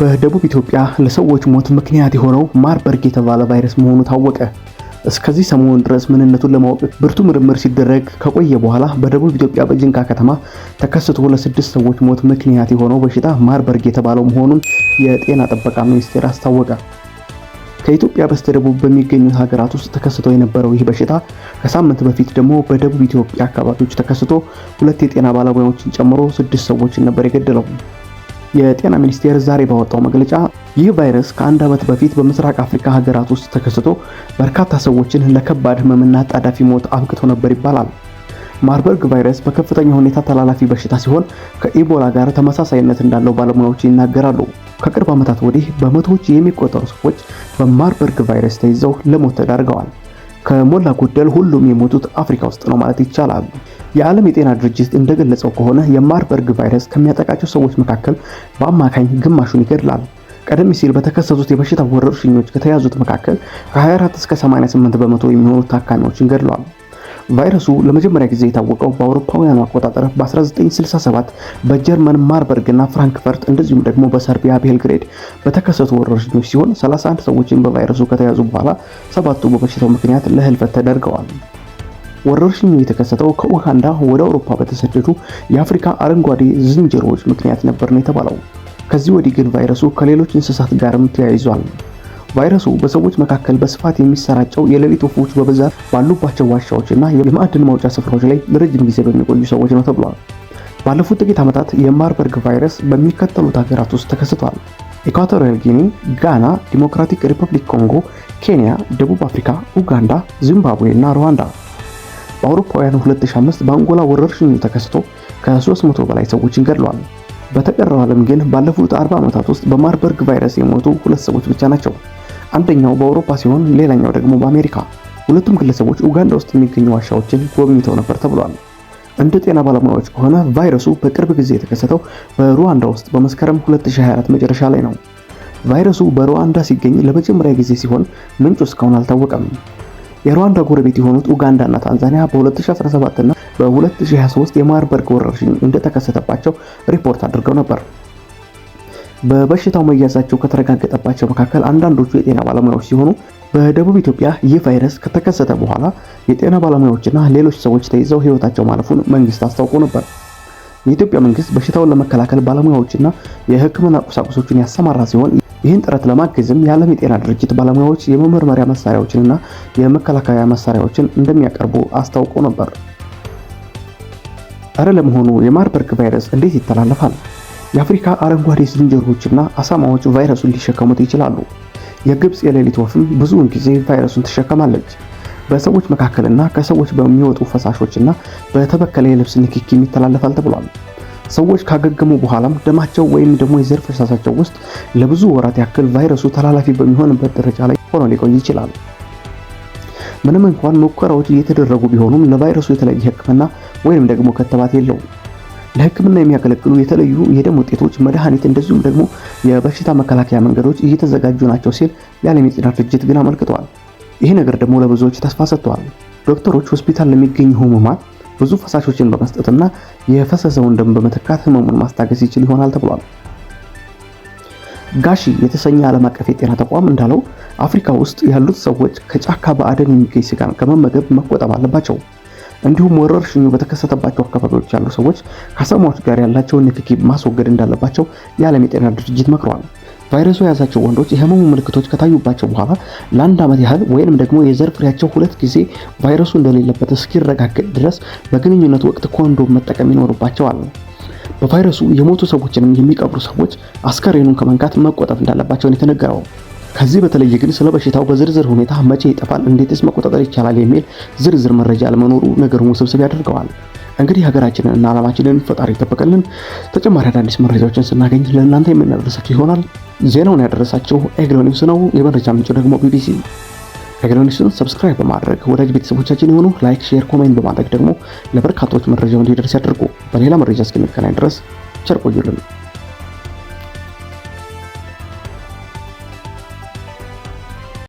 በደቡብ ኢትዮጵያ ለሰዎች ሞት ምክንያት የሆነው ማርበርግ የተባለ ቫይረስ መሆኑ ታወቀ። እስከዚህ ሰሞን ድረስ ምንነቱን ለማወቅ ብርቱ ምርምር ሲደረግ ከቆየ በኋላ በደቡብ ኢትዮጵያ በጅንካ ከተማ ተከስቶ ለስድስት ሰዎች ሞት ምክንያት የሆነው በሽታ ማርበርግ የተባለው መሆኑን የጤና ጥበቃ ሚኒስቴር አስታወቀ። ከኢትዮጵያ በስተደቡብ በሚገኙት ሀገራት ውስጥ ተከስቶ የነበረው ይህ በሽታ ከሳምንት በፊት ደግሞ በደቡብ ኢትዮጵያ አካባቢዎች ተከስቶ ሁለት የጤና ባለሙያዎችን ጨምሮ ስድስት ሰዎችን ነበር የገደለው። የጤና ሚኒስቴር ዛሬ ባወጣው መግለጫ ይህ ቫይረስ ከአንድ ዓመት በፊት በምስራቅ አፍሪካ ሀገራት ውስጥ ተከስቶ በርካታ ሰዎችን ለከባድ ህመምና ጣዳፊ ሞት አብቅቶ ነበር ይባላል። ማርበርግ ቫይረስ በከፍተኛ ሁኔታ ተላላፊ በሽታ ሲሆን ከኢቦላ ጋር ተመሳሳይነት እንዳለው ባለሙያዎች ይናገራሉ። ከቅርብ ዓመታት ወዲህ በመቶዎች የሚቆጠሩ ሰዎች በማርበርግ ቫይረስ ተይዘው ለሞት ተዳርገዋል። ከሞላ ጎደል ሁሉም የሞቱት አፍሪካ ውስጥ ነው ማለት ይቻላል። የዓለም የጤና ድርጅት እንደገለጸው ከሆነ የማርበርግ ቫይረስ ከሚያጠቃቸው ሰዎች መካከል በአማካኝ ግማሹን ይገድላል። ቀደም ሲል በተከሰቱት የበሽታ ወረርሽኞች ከተያዙት መካከል ከ24 እስከ 88 በመቶ የሚሆኑ ታካሚዎችን ገድለዋል። ቫይረሱ ለመጀመሪያ ጊዜ የታወቀው በአውሮፓውያኑ አቆጣጠር በ1967 በጀርመን እና ፍራንክፈርት እንደዚሁም ደግሞ በሰርቢያ ቤልግሬድ በተከሰቱ ወረርሽኞች ሲሆን 31 ሰዎችን በቫይረሱ ከተያዙ በኋላ ሰባቱ በበሽታው ምክንያት ለህልፈት ተደርገዋል። ወረርሽኙ የተከሰተው ከኡጋንዳ ወደ አውሮፓ በተሰደዱ የአፍሪካ አረንጓዴ ዝንጀሮዎች ምክንያት ነበር ነው የተባለው። ከዚህ ወዲህ ግን ቫይረሱ ከሌሎች እንስሳት ጋርም ተያይዟል። ቫይረሱ በሰዎች መካከል በስፋት የሚሰራጨው የሌሊት ወፎች በብዛት ባሉባቸው ዋሻዎች እና የማዕድን ማውጫ ስፍራዎች ላይ ለረጅም ጊዜ በሚቆዩ ሰዎች ነው ተብሏል። ባለፉት ጥቂት ዓመታት የማርበርግ ቫይረስ በሚከተሉት ሀገራት ውስጥ ተከስቷል። ኢኳቶሪያል ጊኒ፣ ጋና፣ ዲሞክራቲክ ሪፐብሊክ ኮንጎ፣ ኬንያ፣ ደቡብ አፍሪካ፣ ኡጋንዳ፣ ዚምባብዌ እና ሩዋንዳ በአውሮፓውያኑ 2005 በአንጎላ ወረርሽኝ ተከስቶ ከ300 በላይ ሰዎችን ገድሏል። በተቀረው ዓለም ግን ባለፉት 40 ዓመታት ውስጥ በማርበርግ ቫይረስ የሞቱ ሁለት ሰዎች ብቻ ናቸው። አንደኛው በአውሮፓ ሲሆን ሌላኛው ደግሞ በአሜሪካ። ሁለቱም ግለሰቦች ኡጋንዳ ውስጥ የሚገኙ ዋሻዎችን ጎብኝተው ነበር ተብሏል። እንደ ጤና ባለሙያዎች ከሆነ ቫይረሱ በቅርብ ጊዜ የተከሰተው በሩዋንዳ ውስጥ በመስከረም 2024 መጨረሻ ላይ ነው። ቫይረሱ በሩዋንዳ ሲገኝ ለመጀመሪያ ጊዜ ሲሆን ምንጩ እስካሁን አልታወቀም። የሩዋንዳ ጎረቤት የሆኑት ኡጋንዳና ታንዛኒያ በ2017 እና በ2023 የማርበርግ ወረርሽኝ እንደተከሰተባቸው ሪፖርት አድርገው ነበር። በበሽታው መያዛቸው ከተረጋገጠባቸው መካከል አንዳንዶቹ የጤና ባለሙያዎች ሲሆኑ በደቡብ ኢትዮጵያ ይህ ቫይረስ ከተከሰተ በኋላ የጤና ባለሙያዎችና ሌሎች ሰዎች ተይዘው ሕይወታቸው ማለፉን መንግስት አስታውቆ ነበር። የኢትዮጵያ መንግስት በሽታውን ለመከላከል ባለሙያዎችና የሕክምና ቁሳቁሶችን ያሰማራ ሲሆን ይህን ጥረት ለማገዝም የዓለም የጤና ድርጅት ባለሙያዎች የመመርመሪያ መሳሪያዎችንና የመከላከያ መሳሪያዎችን እንደሚያቀርቡ አስታውቆ ነበር። እረ ለመሆኑ የማርበርግ ቫይረስ እንዴት ይተላለፋል? የአፍሪካ አረንጓዴ ዝንጀሮችና አሳማዎች ቫይረሱን ሊሸከሙት ይችላሉ። የግብፅ የሌሊት ወፍም ብዙውን ጊዜ ቫይረሱን ትሸከማለች። በሰዎች መካከልና ከሰዎች በሚወጡ ፈሳሾችና በተበከለ የልብስ ንክኪ ይተላለፋል ተብሏል። ሰዎች ካገገሙ በኋላም ደማቸው ወይም ደግሞ የዘር ፈሳሳቸው ውስጥ ለብዙ ወራት ያክል ቫይረሱ ተላላፊ በሚሆንበት ደረጃ ላይ ሆኖ ሊቆይ ይችላል። ምንም እንኳን ሙከራዎች እየተደረጉ ቢሆኑም ለቫይረሱ የተለየ ሕክምና ወይም ደግሞ ክትባት የለውም። ለሕክምና የሚያገለግሉ የተለዩ የደም ውጤቶች፣ መድኃኒት እንደዚሁም ደግሞ የበሽታ መከላከያ መንገዶች እየተዘጋጁ ናቸው ሲል የዓለም የጤና ድርጅት ግን አመልክተዋል። ይሄ ነገር ደግሞ ለብዙዎች ተስፋ ሰጥቷል። ዶክተሮች ሆስፒታል ለሚገኙ ህሙማን ብዙ ፈሳሾችን በመስጠትና የፈሰሰውን ደም በመተካት ህመሙን ማስታገስ ይችል ይሆናል ተብሏል። ጋሺ የተሰኘ ዓለም አቀፍ የጤና ተቋም እንዳለው አፍሪካ ውስጥ ያሉት ሰዎች ከጫካ በአደን የሚገኝ ስጋን ከመመገብ መቆጠብ አለባቸው። እንዲሁም ወረርሽኙ በተከሰተባቸው አካባቢዎች ያሉ ሰዎች ከሰማዎች ጋር ያላቸውን ንክኪ ማስወገድ እንዳለባቸው የዓለም የጤና ድርጅት መክሯል። ቫይረሱ የያዛቸው ወንዶች የህመሙ ምልክቶች ከታዩባቸው በኋላ ለአንድ ዓመት ያህል ወይም ደግሞ የዘር ፍሬያቸው ሁለት ጊዜ ቫይረሱ እንደሌለበት እስኪረጋገጥ ድረስ በግንኙነት ወቅት ኮንዶም መጠቀም ይኖርባቸዋል። በቫይረሱ የሞቱ ሰዎችንም የሚቀብሩ ሰዎች አስከሬኑን ከመንካት መቆጠብ እንዳለባቸውን የተነገረው። ከዚህ በተለየ ግን ስለ በሽታው በዝርዝር ሁኔታ መቼ ይጠፋል፣ እንዴትስ መቆጣጠር ይቻላል የሚል ዝርዝር መረጃ ለመኖሩ ነገሩን ውስብስብ ያደርገዋል። እንግዲህ ሀገራችንን እና ዓላማችንን ፈጣሪ ይጠበቀልን ተጨማሪ አዳዲስ መረጃዎችን ስናገኝ ለእናንተ የምናደርሳችሁ ይሆናል። ዜናውን ያደረሳችሁ ኤግሎ ኒውስ ነው። የመረጃ ምንጩ ደግሞ ቢቢሲ። ኤግሎ ኒውስን ሰብስክራይብ በማድረግ ወዳጅ ቤተሰቦቻችን የሆኑ ላይክ፣ ሼር፣ ኮሜንት በማድረግ ደግሞ ለበርካቶች መረጃው እንዲደርስ ያድርጉ። በሌላ መረጃ እስክንገናኝ ድረስ ቸር ቆዩልን።